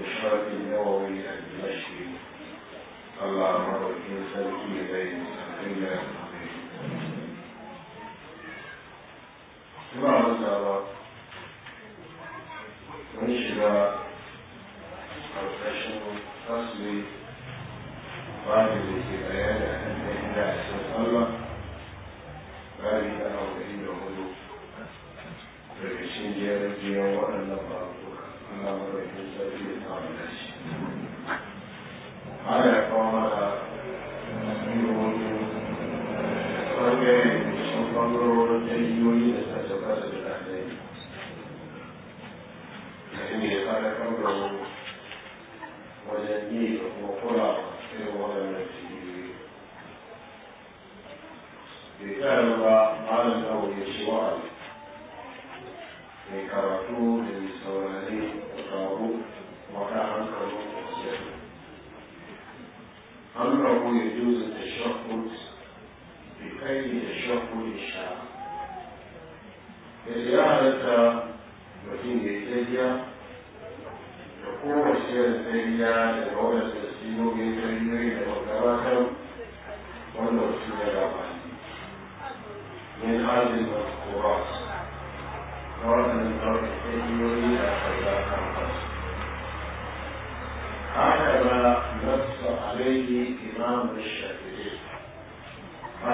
بالشرف النووي الدمشقي الله مرتين سلكي اليه الحمد لله بعد الله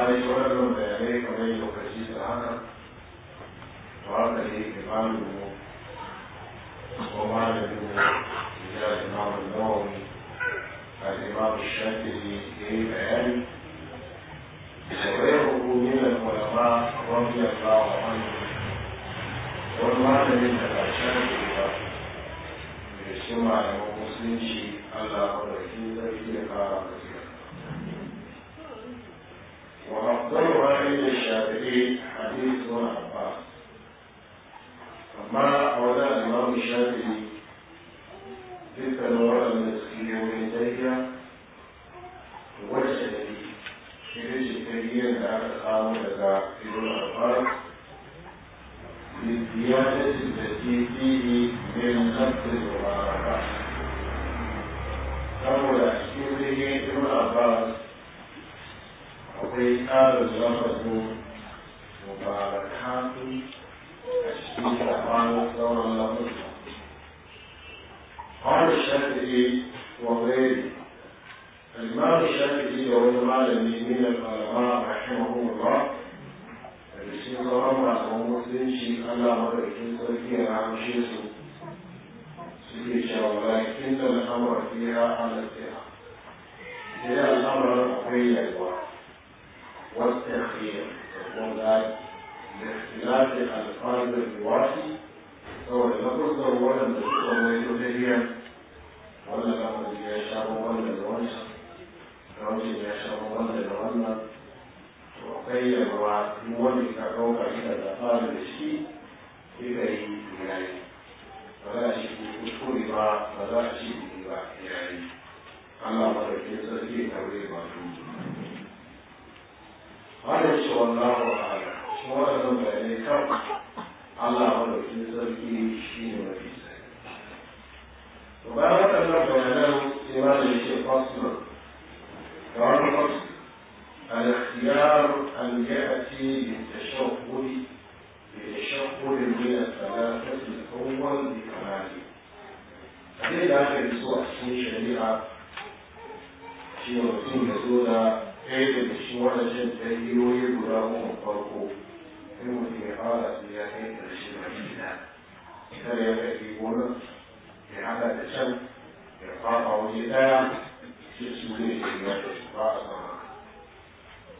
عليه وسلم بيعليك وبينه كشيش العقل وعرض إليك العمل musulunci Allah madaukakin sarki ya ramshe su suke cewa lakin da al'amura fiya alaƙiya sai al'amuran akwai yalwa wasu ya fiye da kuma da ikhtilafi da riwasi saboda na kusa waɗanda suka mai tafiyar wannan lamarin ya sha wannan da wancan ya shafa wannan da wannan akwai yawa duk wanda ka ɗauka ita da fara da shi sai ka yi yayi ba za a shi kuskure ba ba za a shi kuɗi ba yayi Allah ba da ke sarki ka wuri ba su wanda shi wannan wa'ala shi wannan bayanai kan Allah ba da ke sarki shi ne mafi sai to bayan waɗannan bayanan sai ma da yake fasirar da wani fasirar الاختيار أن يأتي للتشهد للتشهد من الثلاثة الأول بكماله هذه داخل سوء سنة شريعة في رسول مسودة كيف تشمع لجن تهيو يبراه من فرقه في مدينة في هذه الرشيد الرجيدة إذا لم يكن في هذا التشم يقاطع ويدا في سنة شريعة في رسول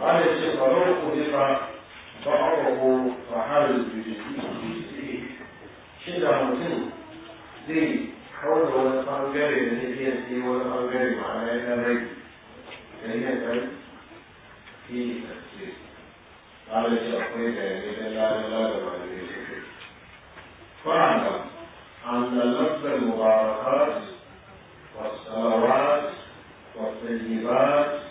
قال الشيخ فلو قدر بعضه فحل شida mutum zai kawar da wani ɓangare da tafiyar sai wani ɓangare ma'ana yana rai da yana rai fi tafiye ala shi akwai da yare da lalala da malamai su ke fa'ala an da lafzar mubarakat wasu salawat wasu tayyibat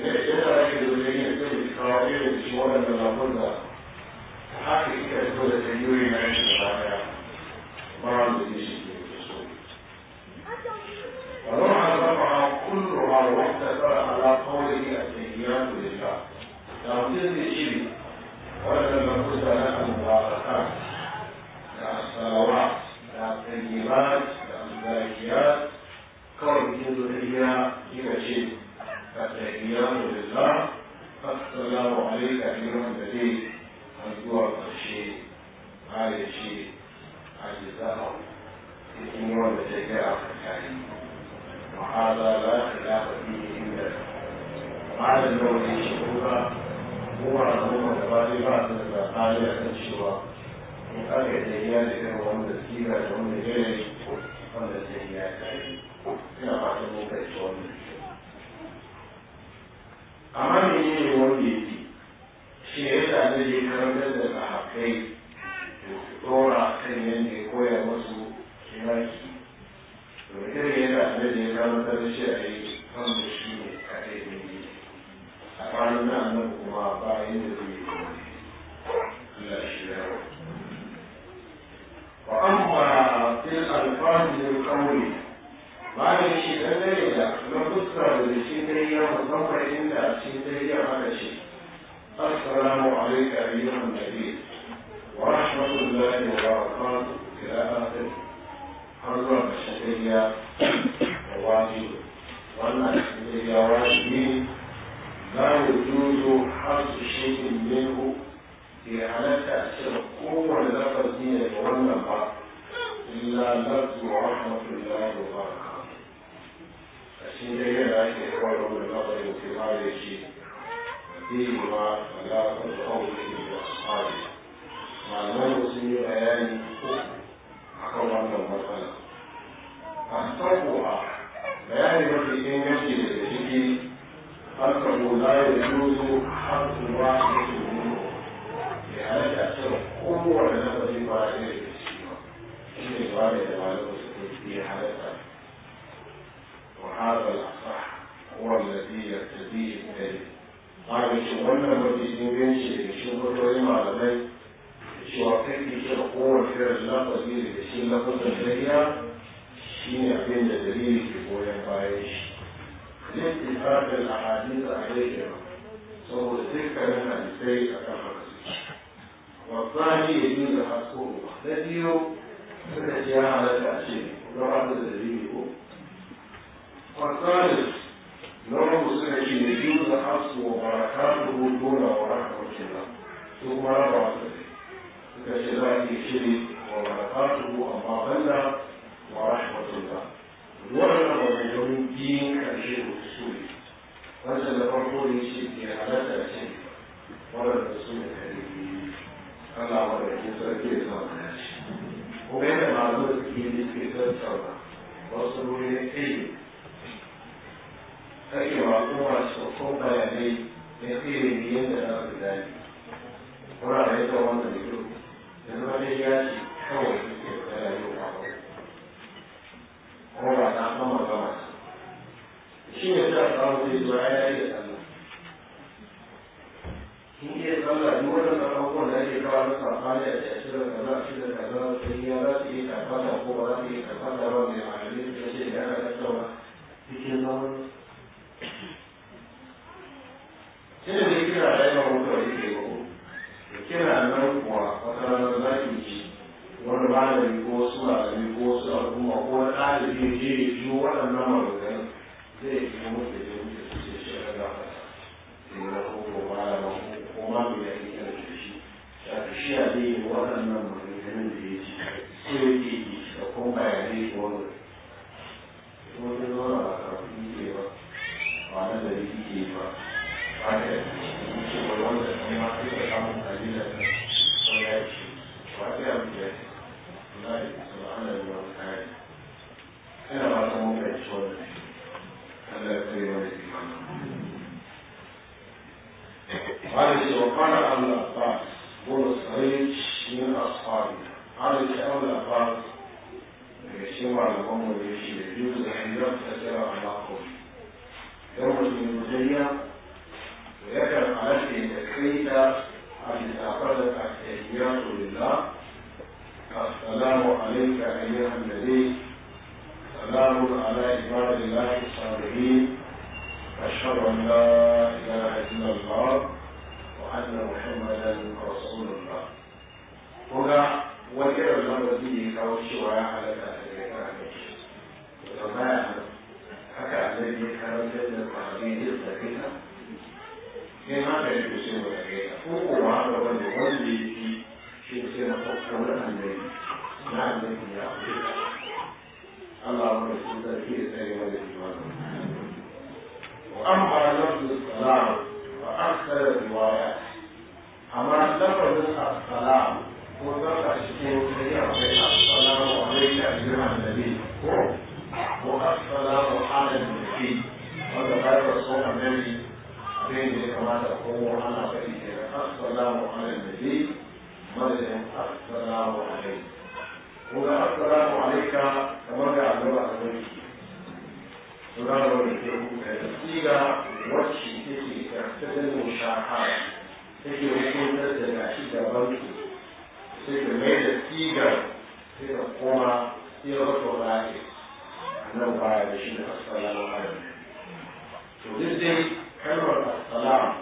yana yake da wajen yin zai kawo irin shi waɗannan lafunda ta haka ita zo da ta yi yuri na yanki da ba da shi Najeriya da wani wannan Najeriyawa ne za mu juzo har su shekin nehu bai halatta a cire kowane lafazi ne da wannan ba illa lafi wa rahmatullahi wa barakatuh a cikin dai yana ake kawai da wani lafazi da ma da shi zai ma ala wasu aure da asali malaman sun yi bayani akan wannan matsala أخطأها بيان التي يمشي به أنه لا يجوز حق واحد منه لأن تأثير قوة لنفس واحد في إقامة معلومة في حالتها وهذا الأصح هو الذي يرتديه من قال شغلنا التي يمشي شغل معلمين شو أعطيك شغل قوة في اللفظ اللي بيشيل لفظ الهيئة shine abin da dalili ke goyon bayan shi zai ke fadar a hadin da alayyar saboda dukkanin hadisai a kan haka suke wasani ya yi da hasko na biyu suka ce ya halatta ce don haka da dalili ko wasani na wasu suka ce da biyu da hasko wa barakatuhu dole wa Thank you. da kowa ana faɗi ke da assalamu alaikai madadin assalamu alaikai ko da assalamu alaika kamar da alaba a zai ke turawa da ke kuka da tsira wacce ta ke karfe da nusha ta ke hukuntar da shi da banki ta ke mai da tsira ta ke koma tsira ta wani a nan baya da shi da assalamu alaikai to حلو السلام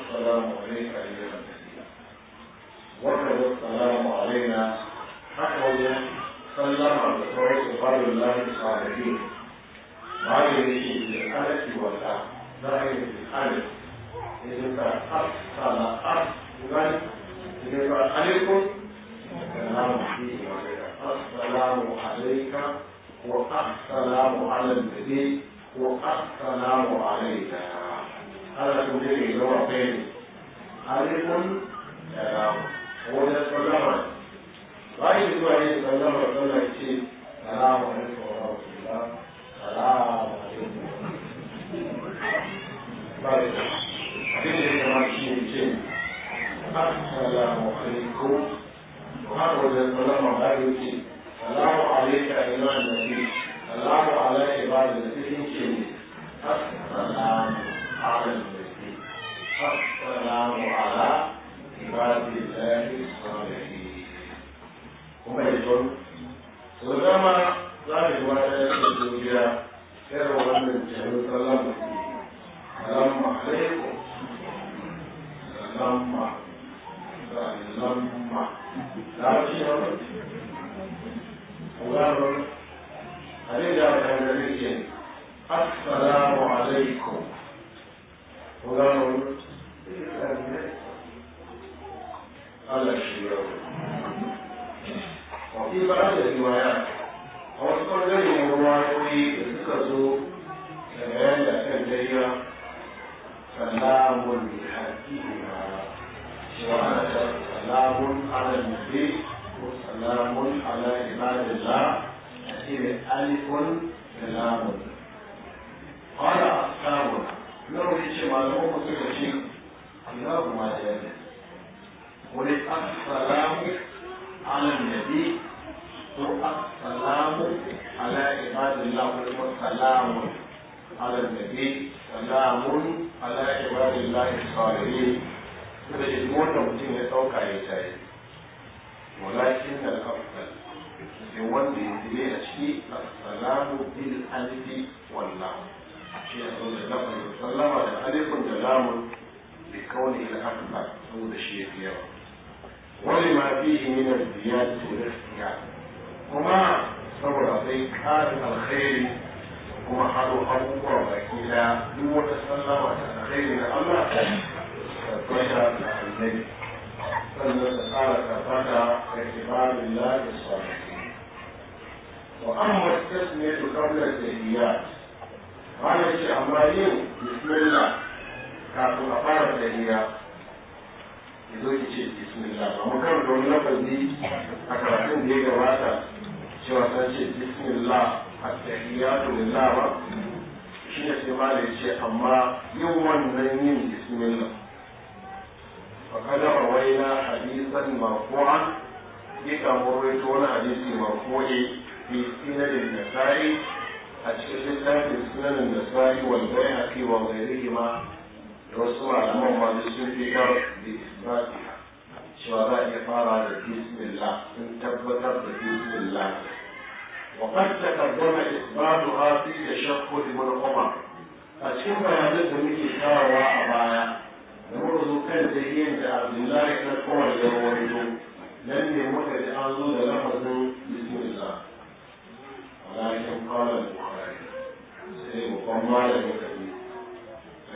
السلام عليك أيها المسيح السلام علينا حقا سلم الرسول قبل الله الصالحين رأيه في الألف والأ رأيه في الألف إذا كان أحسن أحسن إذا كان عليكم السلام عليك السلام عليك والسلام على النبي السلام عليك هذا تدري اللي آه، هو فين ألف ولد الله غير دعاء صلى الله عليه وسلم السلام عليكم ورحمة الله السلام عليكم طيب في كمان شيء شيء السلام عليكم وهذا ولد الله غير السلام عليك أيها النبي Allahu ala ibadu da cikin واللام shi a zo da lafazin sallama da alifin da lamun bi kauni ila akbar saboda shi ya fi yawa wani ma fihi min al-ziyadati wal ikhtiyar kuma saboda sai karin alkhairi kuma haro abubuwa baki da duk wata sallama da alkhairi na Allah ta tabbata da annabi sannan da tsara tabbata da ibadullahi salihin wa amma tasmiyatu qabla al-tahiyyat wanda ce amma yin bismillah kafin a fara tahiyya ki zo ki ce bismillah ba mu kan don lafazi a karatun da ya gabata cewa san ce bismillah at-tahiyyatu lillah ba shi ne sai ma ya ce amma yin wannan yin bismillah فقد روينا حديثا مرفوعا يكمل رجل حديث مرفوع في سنن النسائي أشكل لله السنن النسائي والبيهقي وغيرهما رسول على مهما لسنة فرق بإثباتها شوراء إقارة بسم الله إن تبتر بسم الله وقد تقدم إثباتها في تشهد من عمر أشكل بيانات ميكي كاروا أبايا نمرض كان زيين عبد الله إلى القوى يروردون لم يمت لأنه لفظ بسم الله ولكن قال مالك وكبير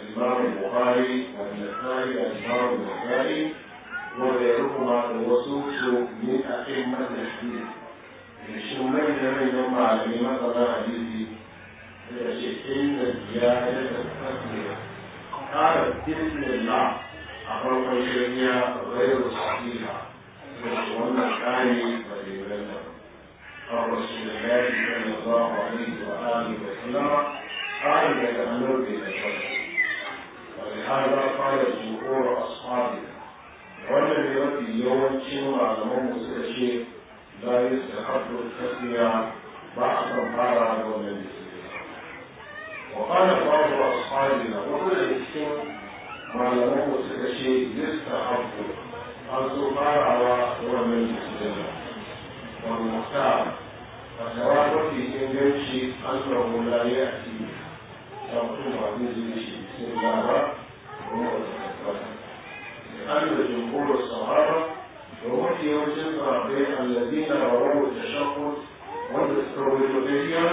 الإمام البخاري والنسائي والإمام النسائي وغيرهما الوسوس من أئمة الحديث الشمال لم يجمع على مثلا حديثي إن الجاهلة التسمية قالت بسم الله أخرج الشريعة غير صحيحة والسنة الثاني فليبلغ عن رسول الله صلى الله عليه وآله وسلم قاعدة النور بالبشر ولهذا قال جمهور أصحابنا والذي يؤدي يوم كيما على موسى شيء لا يستحق التسمية بعد مرة ومن وقال بعض أصحابنا وكل الشيء على موسى شيء يستحق الزمارة ومن والمختار فتوابع في إنجلش أنه لا يأتي أما جمهور الصحابة فمتي وجد بين الذين رووا التشهد والترويجية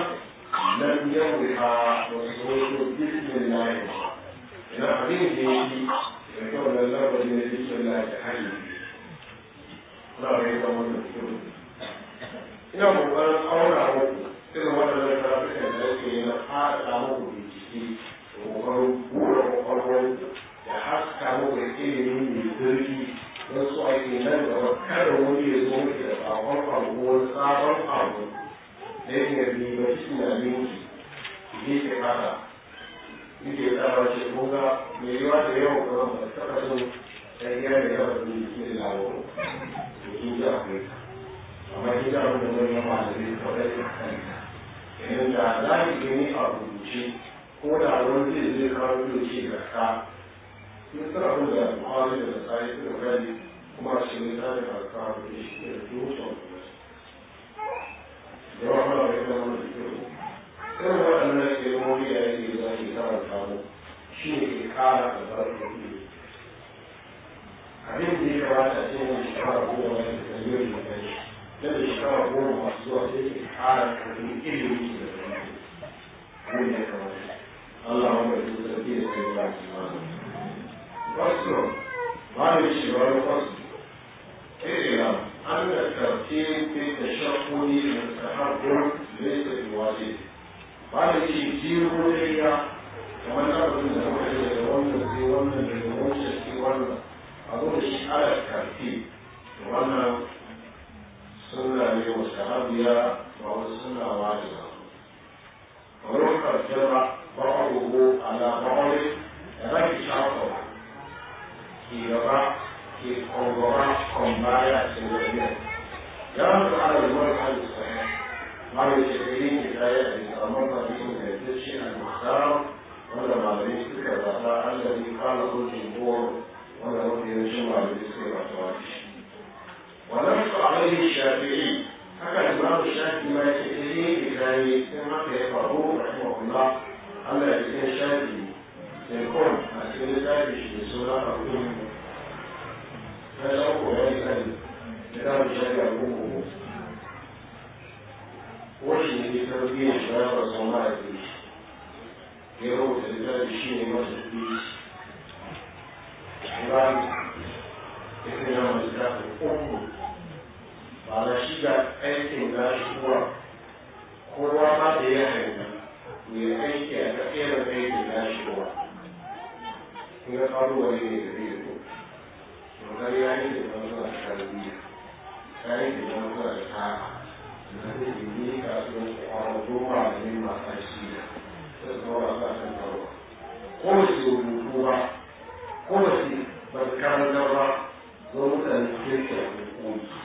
لم يروها ويقول بسم الله إلى حديثه يقول الله بين بسم الله تحيي لا غير من الكتب إنه أنا أولى الجماعة وأهل السنة واجبة ويحكى الجمع بعضه على بعض لكن شرطه في ربع في قربة قنباية سورية يرد على المرحل الصحيح مع الشافعيين بداية الأمر باسم الجيش المختار ولا معلمين تلك الذي قاله الجمهور ولا رد يجمع بالاسم والتواجد ونص عليه الشافعي haka imamu shafi ma yake iri ibrahim in haka ya faru rahimahullah Allah ya kai shafi da kon a cikin littafi shi da sauran abubuwan ta sauko ya yi kan littafin shafi abubuwan wani ne ke tarbiyyar shi ya faru sun ma'aikata ya rubuta littafi shi ne masu biyu Ibrahim ya kai yawan littafin uku ba shi da aikin da shi kuwa kowa ma da ya haihu mai aiki a tsakirar aikin da shi kuwa kun ga ƙalubale ne da zai zo dokar ya yi da zama zuwa tarbiyya ya yi da zama zuwa ta'a da zai yi ne kasuwanci a wajen malamai masu shida da zuwa masu asan tarwa ko ba su rubutu ba ko ba su ba su karantar ba don mutane kirkiyar hukunci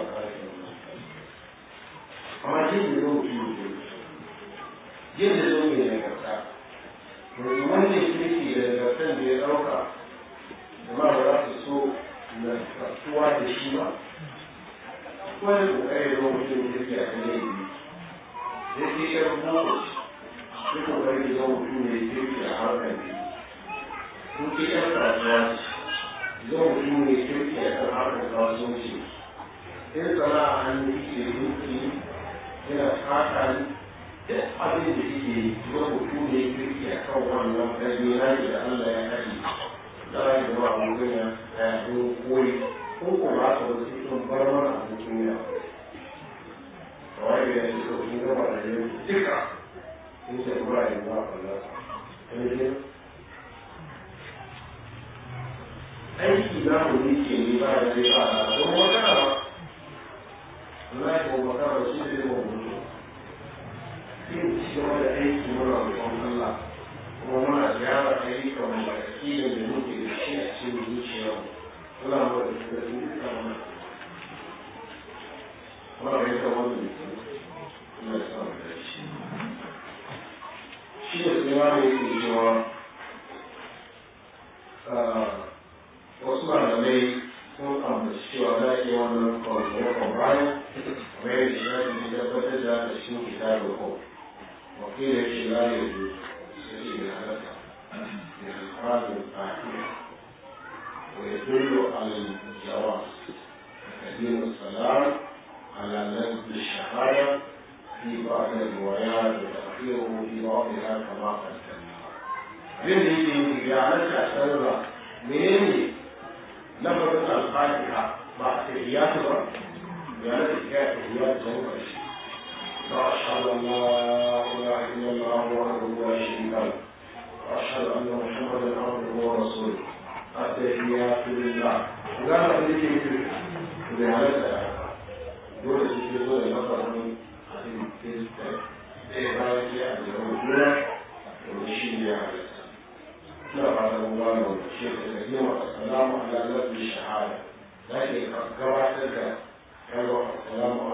yin da zo mutum yin da zo mai nagarta ruwan ne ke da nagartan da ya ɗauka da ma ba za su so da shi ba wani kokari zo mutum ke a kan yin da ke yi shi kokari zo mutum ne ke a harkar ke kasuwa zo mutum ne ke a kan harkar kasuwanci sana'a hannu ke yi yana fata ni duk abin da yake yi rubutu ne kirki a kan wannan na da Allah ya haɗe na yi da ba ya yaɗo koyi ko ba su su sun bar mana abokin ya kawai da ya ce ko sun gaba da yau duka sun ce ba ya ba Allah aiki na mu ke ne ba da zai ba da ba Allah ya kuma magana shi zai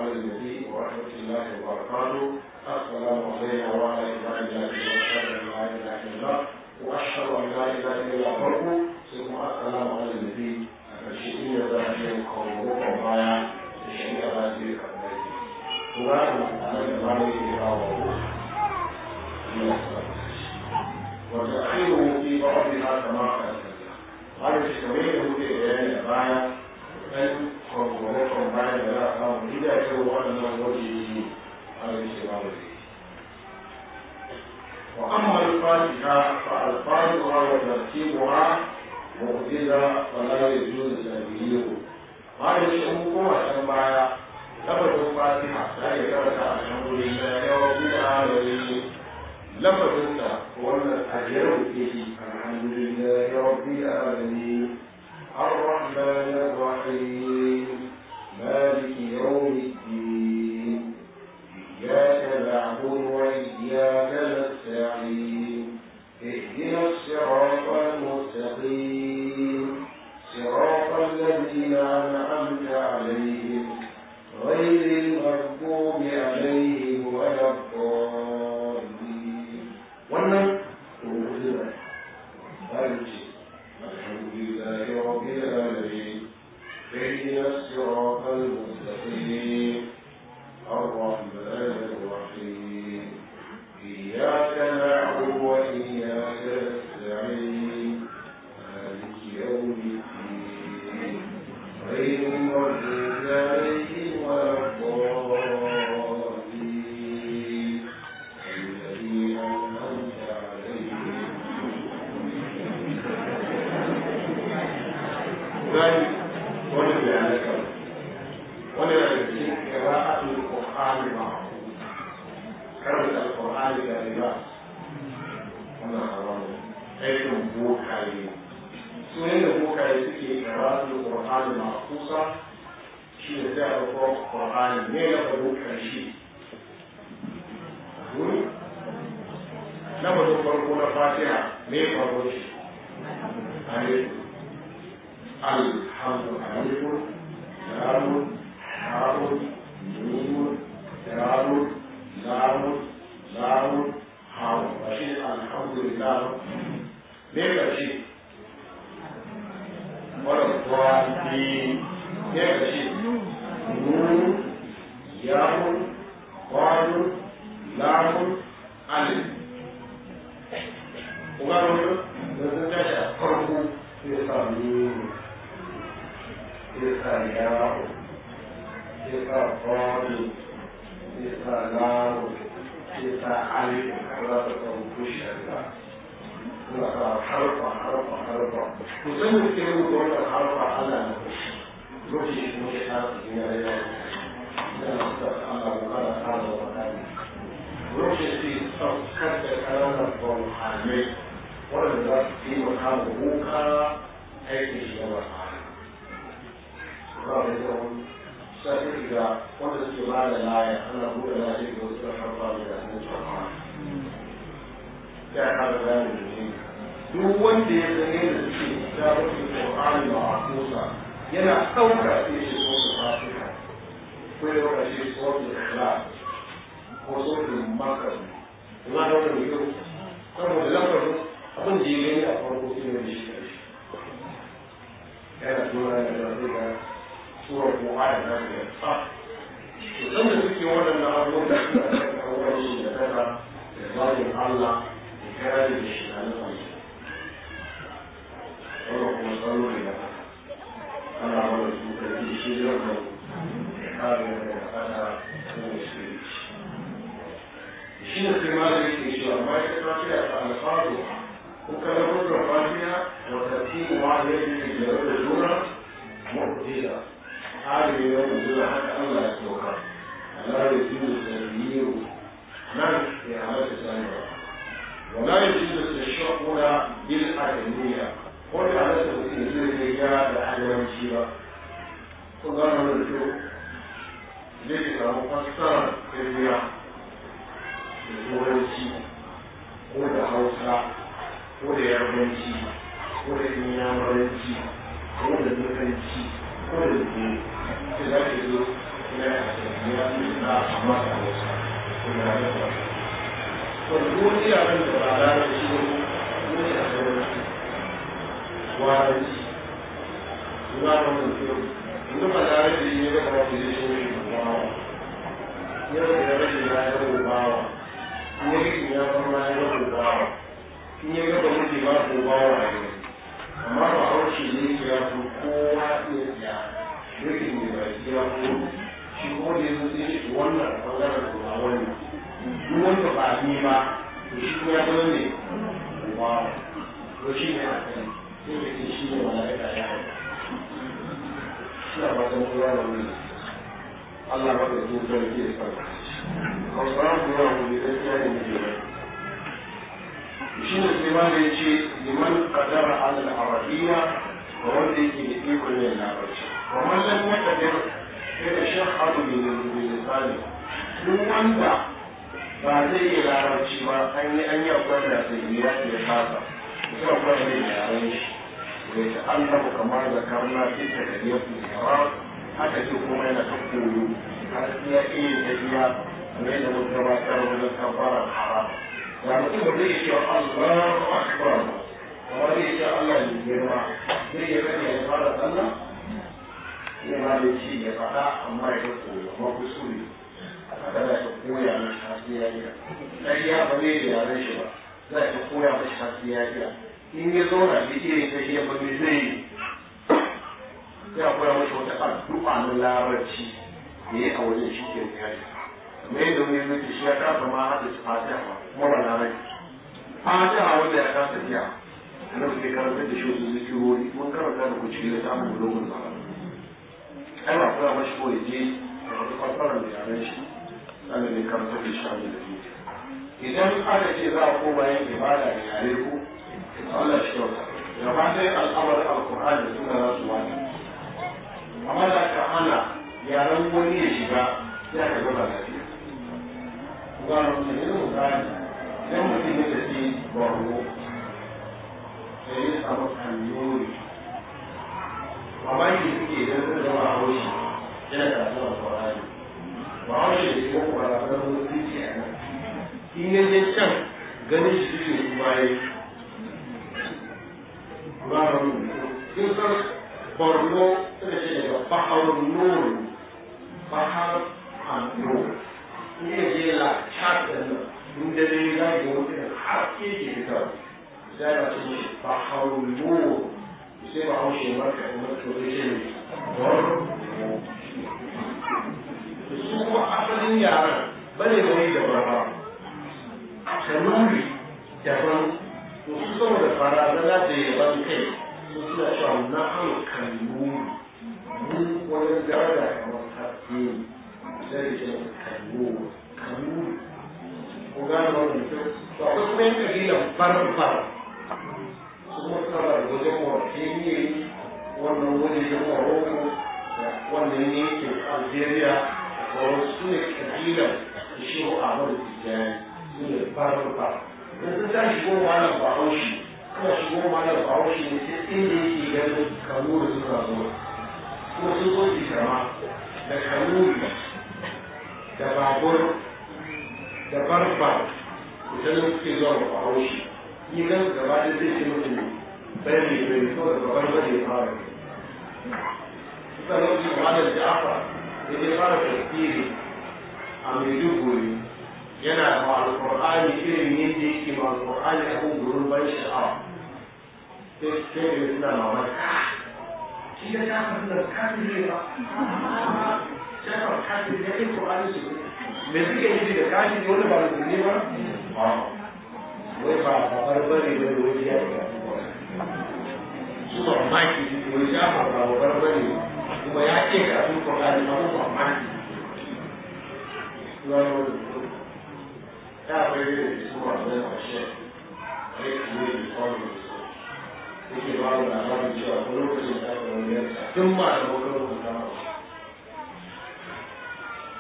محمد النبي ورحمة الله وبركاته السلام علينا وعلى عباد الله وأشهد أن لا إله إلا الله وأشهد أن لا إله إلا الله ثم السلام على النبي فالشيء يبدأ في قوله وبايع الشيء يبدأ في قبله وأنا أعلم أنني إلى وتأخيره في بعضها كما قال هذا الشيء كمان يقول في إعلان ɗan kwamgwamakon bayan da za a samu gida ce waɗannan waje ne an yi ce ba zai wa an mai fasi ta fa alfani wa wa zarce wa wa ku zai za a lalai zuwa da zarbiyo ba da shi an kuma can baya lafafin fasi ha za a yi gaba ta a can wuri na yawa gida a wuri lafafin ta wannan a jerin ke shi a hannun da yawa gida a الرحمن الرحيم مالك يوم الدين إياك نعبد وإياك نستعين اهدنا الصراط المستقيم صراط الذين أنعمت عليهم غير المغضوب عليهم ولا الضالين wannan rubutu da ba you you are given the radius, you are open. الحياء بك الضال بك نار بك علم حرارة وكش حرفة حرفة حرفة وزي ما كانوا يقولوا الحرفة على مش مش حرفة هنا ليلة ويجري تصحيح كلام الروحاني والرب في مكان روحه هذه الروحانية ba da yawan da wanda da ana buɗe laya da wasu rashin ba da da duk wanda ya zane da da yana ɗauka sai shi so ko ko da wani da da صورة معينة من الصح وزمن في يوم أن أقول لك أول شيء نتابع الظالم الله الكلام الشمال ونقوم صلوا لنا أنا أقول لك الشيء يوم هذا أنا الشيء الخماري في شيء ما يستطيع الألفاظ وكلام الرفاقية وترتيب عليه في الجواب wanda yake da ikon yin labarci kamar nan na kadir sai da shan haɗu mai misali duk wanda ba zai yi larabci ba an yi an yi akwai da sai yi ya ke fasa ita akwai zai yi yaren shi bai ta allah kamar da karna sai ta gari ya kuma haka ce kuma yana ta koyo har sai ya iya tafiya kamar yadda mun gabatar wajen kafarar haram da mutum zai ce allahu akbar kamar zai ce Allah ne girma zai yi rage ya fara sallah zai ma da ci ya faɗa amma ya ga koyo amma kusuri haka za ta koya na shafi ya iya sai ya ba ne da yaran shi ba za ka koya mashi shafi ya iya in ya zauna da irin ta shi ya ba ne zai yi sai a koya mashi wata addu'a na larabci da ya a wajen shi ke ya me da wani mutu shi ya kasa ma hada shi fatiha kuma ba na fatiha wanda ya kasa biya annabi sai karanta da shi wasu zikirori mun karanta da ku cikin da samun dogon mara ana kula mashi ko ya je a wata fasarar da yaran shi ana ne ta da shi da shi idan aka ce za a koma yin ibada da yare ko Allah shi kyauta gaba ɗaya al'amar alkur'ani da suna za su wani amma da ka hana yaran wani ya shiga ya ka gaba lafiya. Gwanon da yin mutane, yan mutum ya tafi borno sai ya zama a a kuma zama a nan ya je can ganin shi suke kuma ya yi ba daga je nan da za a ce ba haulu sai ba haushe marka da marka da ce su kuma asalin yaran bane da wani daban ba kanuri daban to su saboda fara da za ta yi ban kai su suna cewa na an kanuri mun wani daraja kamar ta ce zai ce kanuri kanuri ko gane wani mutum to akwai kuma yin kabilan farfar kuma suka ba da wajen morocco wannan wajen da da wannan yankin algeria da su ne kabilan shehu ahmadu tijjani su ne farfarfa yanzu ta shigo malam bahaushe kuma shigo malam bahaushe ne sai inda yake ganin kanuri suka zo kuma sun zo ikirama da kanuri da babur da farfa da suke zuwa bahaushe idan gaba da zai ce mutum bai ne bai so da gaban gwaje ya fara sannan shi kuma da ja'afa da ya fara tafsiri a maiduguri yana ma alƙur'ani irin yadda yake ma a kan gurin ban sha'awa sai sai ne suna mamaki ah, shi da ta fara kafin ne ba ta kafin ne ya kai ƙur'ani su ne me suke yi da kafin ne wani ba ne ba Weba barbari da wuriya da kuma maki wani shafa ba barbari kuma ya ce ka su kuma da abubuwa maki. Ya bai da su ma da kwashe, ya ke yi da kwanu da su. Yake ba da labarin cewa ko lokacin da aka wani yarsa tun ma da wani lokacin da aka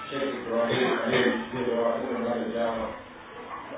Sheikh Ibrahim Alayhi Sallallahu Alaihi Wasallam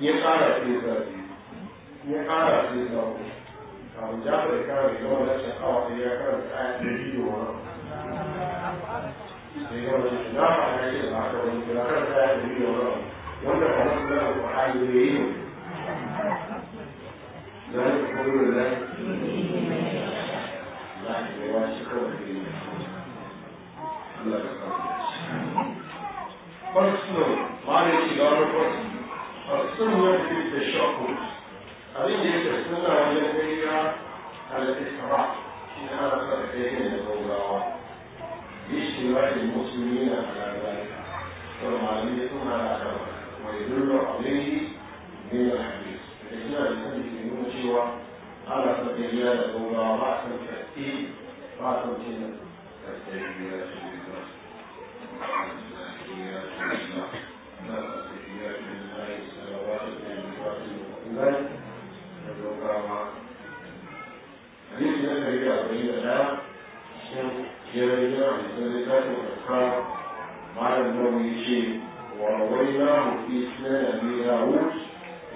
ya ƙara sai zafi ya ƙara sai zafi kafin jafar ya kara da yawan rashin awa sai ya karanta aya ta biyu wa sai ya wani shi na ba ya yi da haka wani kira karanta aya ta biyu wa wanda ba wasu zana ko hali ne yi zan yi kuma da za ki ga wani shi kawai da yi Allah ya kawo. First note, ma da shi ga wani first فالسنة في السنة التي هي التي شرعت إن هذا قد يكون الأولى باجتماع المسلمين على ذلك والمعلمية على ذلك عليه من الحديث الإجماع الذي يكون سوى على فقهية الأولى رأس التأكيد رأس التأكيد بالله حديث الذي جاء به عن الثلاثات والأصحاب مع النووي شيء ورويناه في إسناد أبي داوود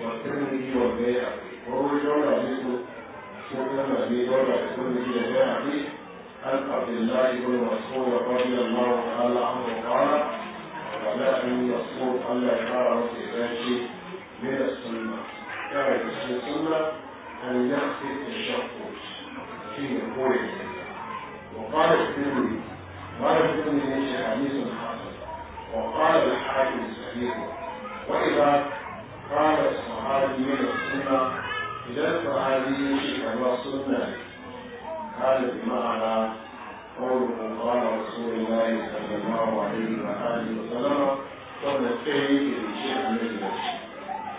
والترمذي والبيهقي وهو جرى مثل أبي داوود والترمذي والبيهقي عن عبد الله بن مسعود رضي الله تعالى عنه قال ولا أن يصوم ألا يرى في من السنة تستعمل السلسلة أن يخفف الشخص في قوله وقال الترمذي قال الترمذي ليس حديث حسن وقال الحاكم صحيح وإذا قال الصحابي من السنة إذا الصحابي كما سنة قال بمعنى قوله قال رسول الله صلى الله عليه وآله وسلم قبل التهيئ لشيء من الناس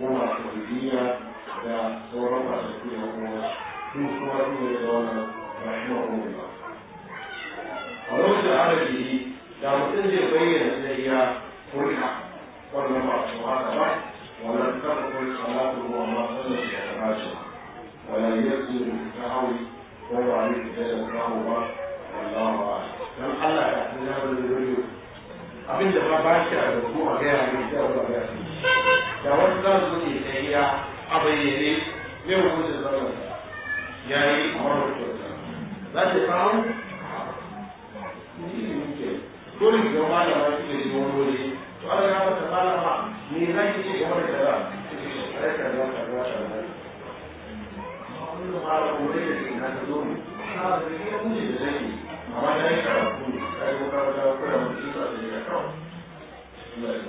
koma saudiya da sauran masu da kuma su kuma su ne da wannan rahimahullah a lokacin arabi da mutum zai bayyana zai iya kurka wannan ba su haka ba wannan kafa kurka na kuma amma sannan su ta kama shi wala yanzu ta hawi ko ba ne da kawo ba wallahu ba dan Allah ya tuna da abin da ba ba shi a rubu a gaya ne da ba ya shi da wasu za su ne yi ya a bayyane ne hukuncin zama ya yi a wani kyauta za ta samu ni ne ke dole ga malama shi ne wani wuri to an ga mata ma. ni za ki ce game da kaza sai ka ga ka ga ta ne wannan malama wuri da ke na zo ne ka ne ne da zai amma ya yi karatu ya yi makarata kuna wani isa da ya kan Allah ya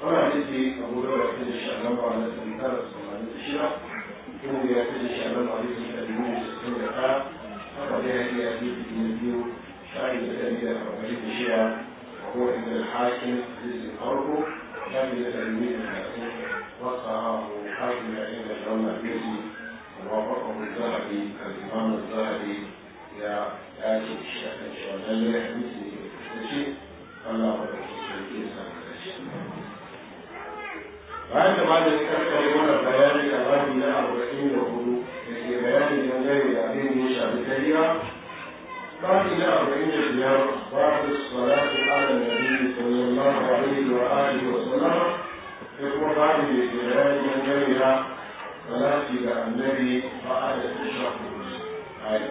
ba wannan hadisi abu da wata da shi annabi a nasarar tara su ma da shida kuma ya fi da shi annabi a nasarar da biyu da sittin da ɗaya haka da ya iya fi da biyu shari da ɗari da arba'in da shida ko inda hakim hadisin farko shari da ɗari biyu da talatin وقعه حاكم عند الدولة الذي وافقه الذهبي الإمام الذهبي يا آتي الشيخ الشيخ حديثي الشيخ الله وأنت بعد ذكرت مرة بياني الرجل من الرحيم يقول في بيان الجنجي الأبين يشعب كثيرا قال إلى أربعين دينار بعد الصلاة على النبي صلى الله عليه وآله وسلم يقول هذه الجنجي الأبين صلاة النبي بعد الشهر wani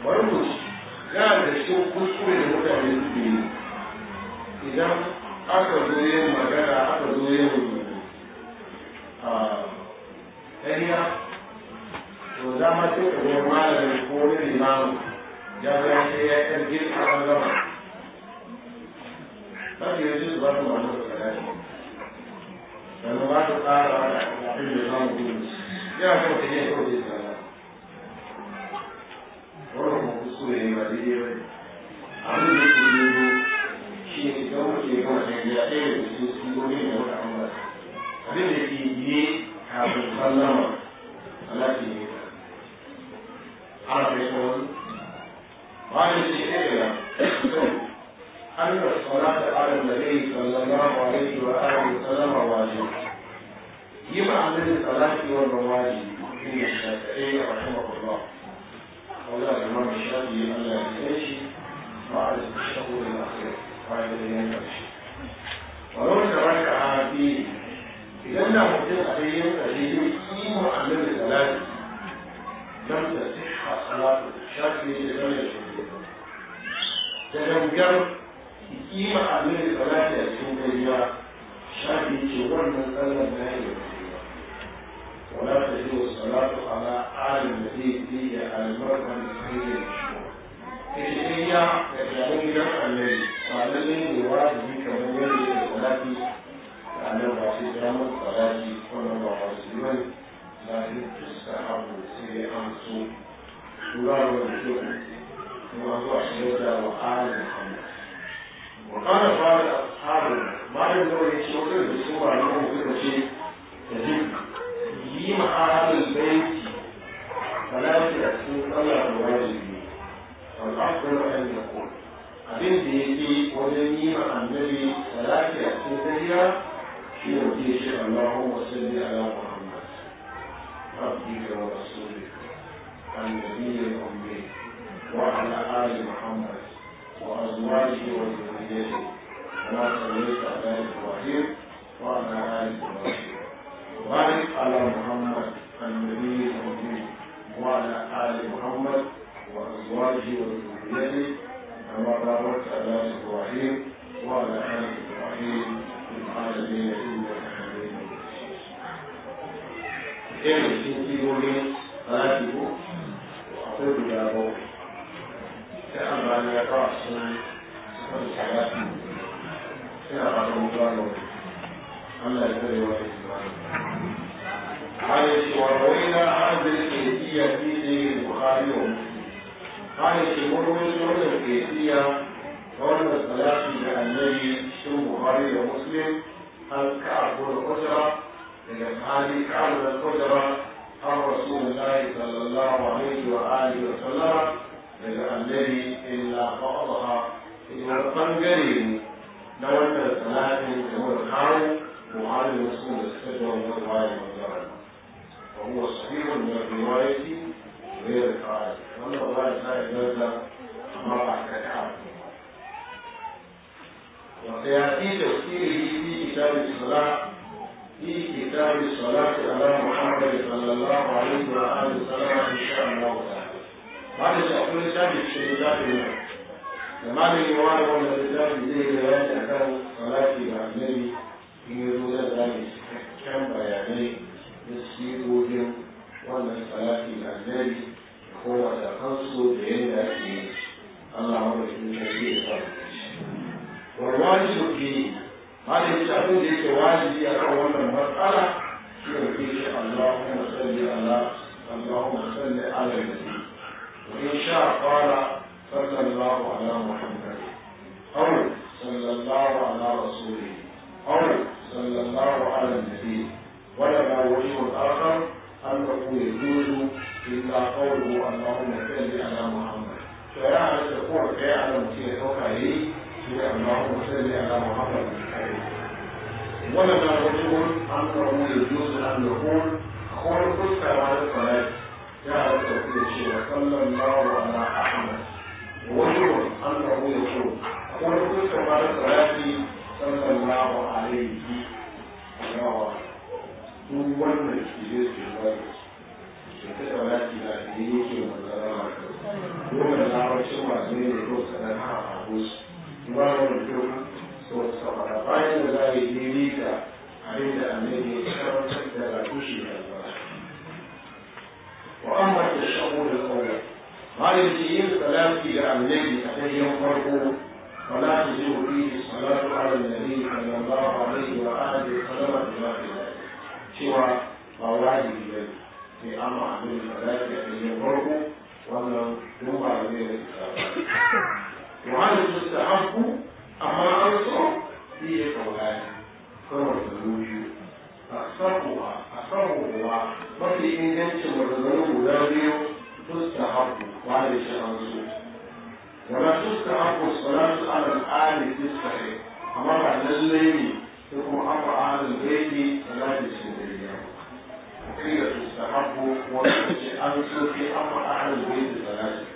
mutum yana da cikin kuskure da mutane suke yi idan aka zo yin magana aka zo yin ɗariya to za ma sai ka zo malamin ko wani limamu ya zo ce ya yi gama sabi ya su ba su ma su ka dace sannan ba su ƙara wa da ya yi daidai ba ne abin da ke yi ko shi ne don wuce ga wata gida ɗaya da su su gobe da wata amma abin da ke yi kafin sallama Allah ke yi ka ana kai kawai ba ne shi ne ya أن الصلاة على النبي صلى الله عليه وآله وسلم واجب. يبقى عندنا الصلاة والرواجب من الشافعية رحمه الله. ولا الإمام الشافعي ألا يحتاج بعد الشهور الأخيرة بعد أيام الشهر ولو تركع في إذا لم يكن أيام تجد قيمة عن الثلاث لم تصح صلاة الشافعي لم يشهد تذكر قيمة عن الثلاث يكون بها شافعي wannan tsallar na yau ولا تجوز الصلاة على عالم الذي فيه على المرأة لكن تستحب في أنصر سورة والشكر وموضوع الشهداء وآل محمد. وقال بعض أصحابنا ما يقول الشكر بسورة له كل شيء يجب في محارم البيت ثلاثة أسفل صلى الواجب والأفضل أن يقول abin da ya fi wajen yi ma annabi salati a cikin zariya shi ne mutum ya ce Allahu wa salli ala Muhammad abdika wa rasulika annabiyyi ummi wa ala ali Muhammad wa azwajihi wa dhurriyyatihi kama sallaita ala Ibrahim wa ala ali Ibrahim وبارك على محمد النبي الأمين وعلى آل محمد وأزواجه وذريته كما باركت على إبراهيم وعلى آل إبراهيم في العالمين إنك حميد مجيد. rajibu akwai guda bakwai sai an rana ya kawo sunan sufar salatu مبارك على ya kare wa قال وروينا عهد الكيفية في البخاري قال وروينا عهد الكيفية ورد الصلاة إلى النبي في البخاري ومسلم عن كعب الأسرة من أفعال كعب الأسرة عن رسول الله صلى الله عليه وآله وسلم من النبي إلا فقضها إلى القنجرين لو أن الصلاة هو الخارج معالي المسؤول استدعى من الرواية والجرم وهو صحيح من الرواية غير الفعال وأن الرواية سائل نزل مرة كتعب وسيأتي تفسيره في كتاب الصلاة في كتاب الصلاة على محمد صلى الله عليه وآله وسلم إن شاء الله تعالى بعد سأقول كتاب الشهيدات منه زمان الإمام ومن الكتاب إليه رواية أكثر صلاة النبي in ya zo zan gane cikakken bayanai na sigogin wannan salati da annabi da kuma kansu da yadda ake yi Allah wanda shi ne shi ya sa warwani su ke malin shi abin da yake wajibi a kan wannan matsala shi ne ke shi Allahumma salli ala Allahumma salli ala nabi wa in sha fara sallallahu ala muhammad aw sallallahu ala rasulihi أو صلى الله على النبي ولنا وجه آخر أنه يجوز إلا قوله اللهم صل على محمد فيا فيعني تقول فيعلم في حكمه اللهم صل على محمد ولنا وجه أنه يجوز أن نقول خلق السماء الصلاة جعل تقول الشيخ صلى الله على أحمد وجه أنه يقول خلق السماء الصلاة صلى الله عليه وسلم duk wanda ke zai ke bari da ta tsara ki da ke yi ke magana dole na wacce masu ne da ko sanar ha a gusu ba wani duk so saboda bayan da za a yi daidai da abin da annabi ya karantar da ba tushe da ba wa amma da shagu da kaula ma da ke yin salati da annabi a ɗanyen farko فلا تجب فيه الصلاة على النبي صلى الله عليه وآله وسلم بما في ذلك cewa ba wajibi ba ne sai an ma abin da za ki yi ne wannan duk ba ne da ta ba wani su ta haku amma an so shi a sarkuwa a mafi ingancin maganganun guda biyu su ta haku wani shi an wala su ka haƙo wala su ala al'ali bisare amma ba lallai ne ko kuma an ba alal gaibi wala da shi gaibiya kai da su ta haƙo wanda ce an so ke an ba alal gaibi wala shi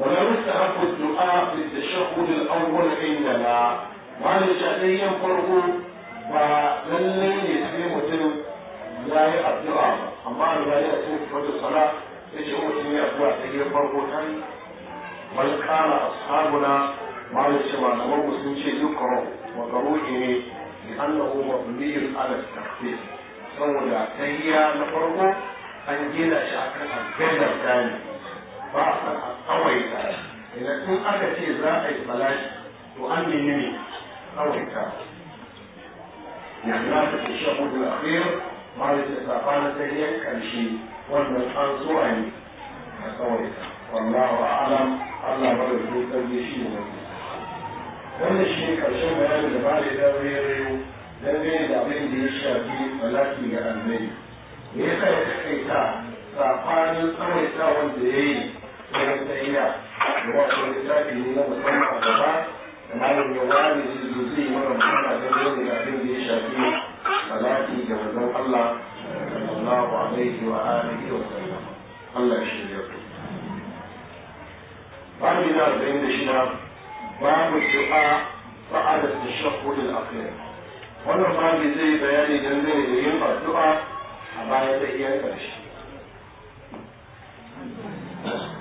wala mustahabu du'a fi tashahhud al-awwal indana wani ɗayan farko ba lallai ne sai mutum ya yi addu'a amma ya yi a cikin wata sala sai ce mutum ya addu'a ta gidan farko ta من قال أصحابنا ما ليس ما نمر مسلم شيء لأنه مبني على التخفيف سولا تهيا نفرقه أن جينا شعكا بين الثاني فأصلا قويتا إذا كنت أكتي زائد بلاش تؤمنني مني قويتا يعني ما في الأخير ما ليس إذا قال تهيا كان شيء وأن wallahu a'lam Allah ba da su kalli shi ne wannan shi ne karshen bayanin da ba da ya rayu dangane da abin da ya shafi malaki ga annabi me yasa ya takaita safanin tsawaita wanda ya yi wajen tsayiya da wasu littafi ne na musamman a gaba da malam ya wani su zai mana magana dangane da abin da ya shafi malaki ga manzon Allah sallallahu alaihi wa alihi wa sallam Allah shi ne ya babu na arba'in da shida babu du'a ba'ada da shakkulin akhir wannan babu zai yi bayani dangane da yin addu'a a bayan da iya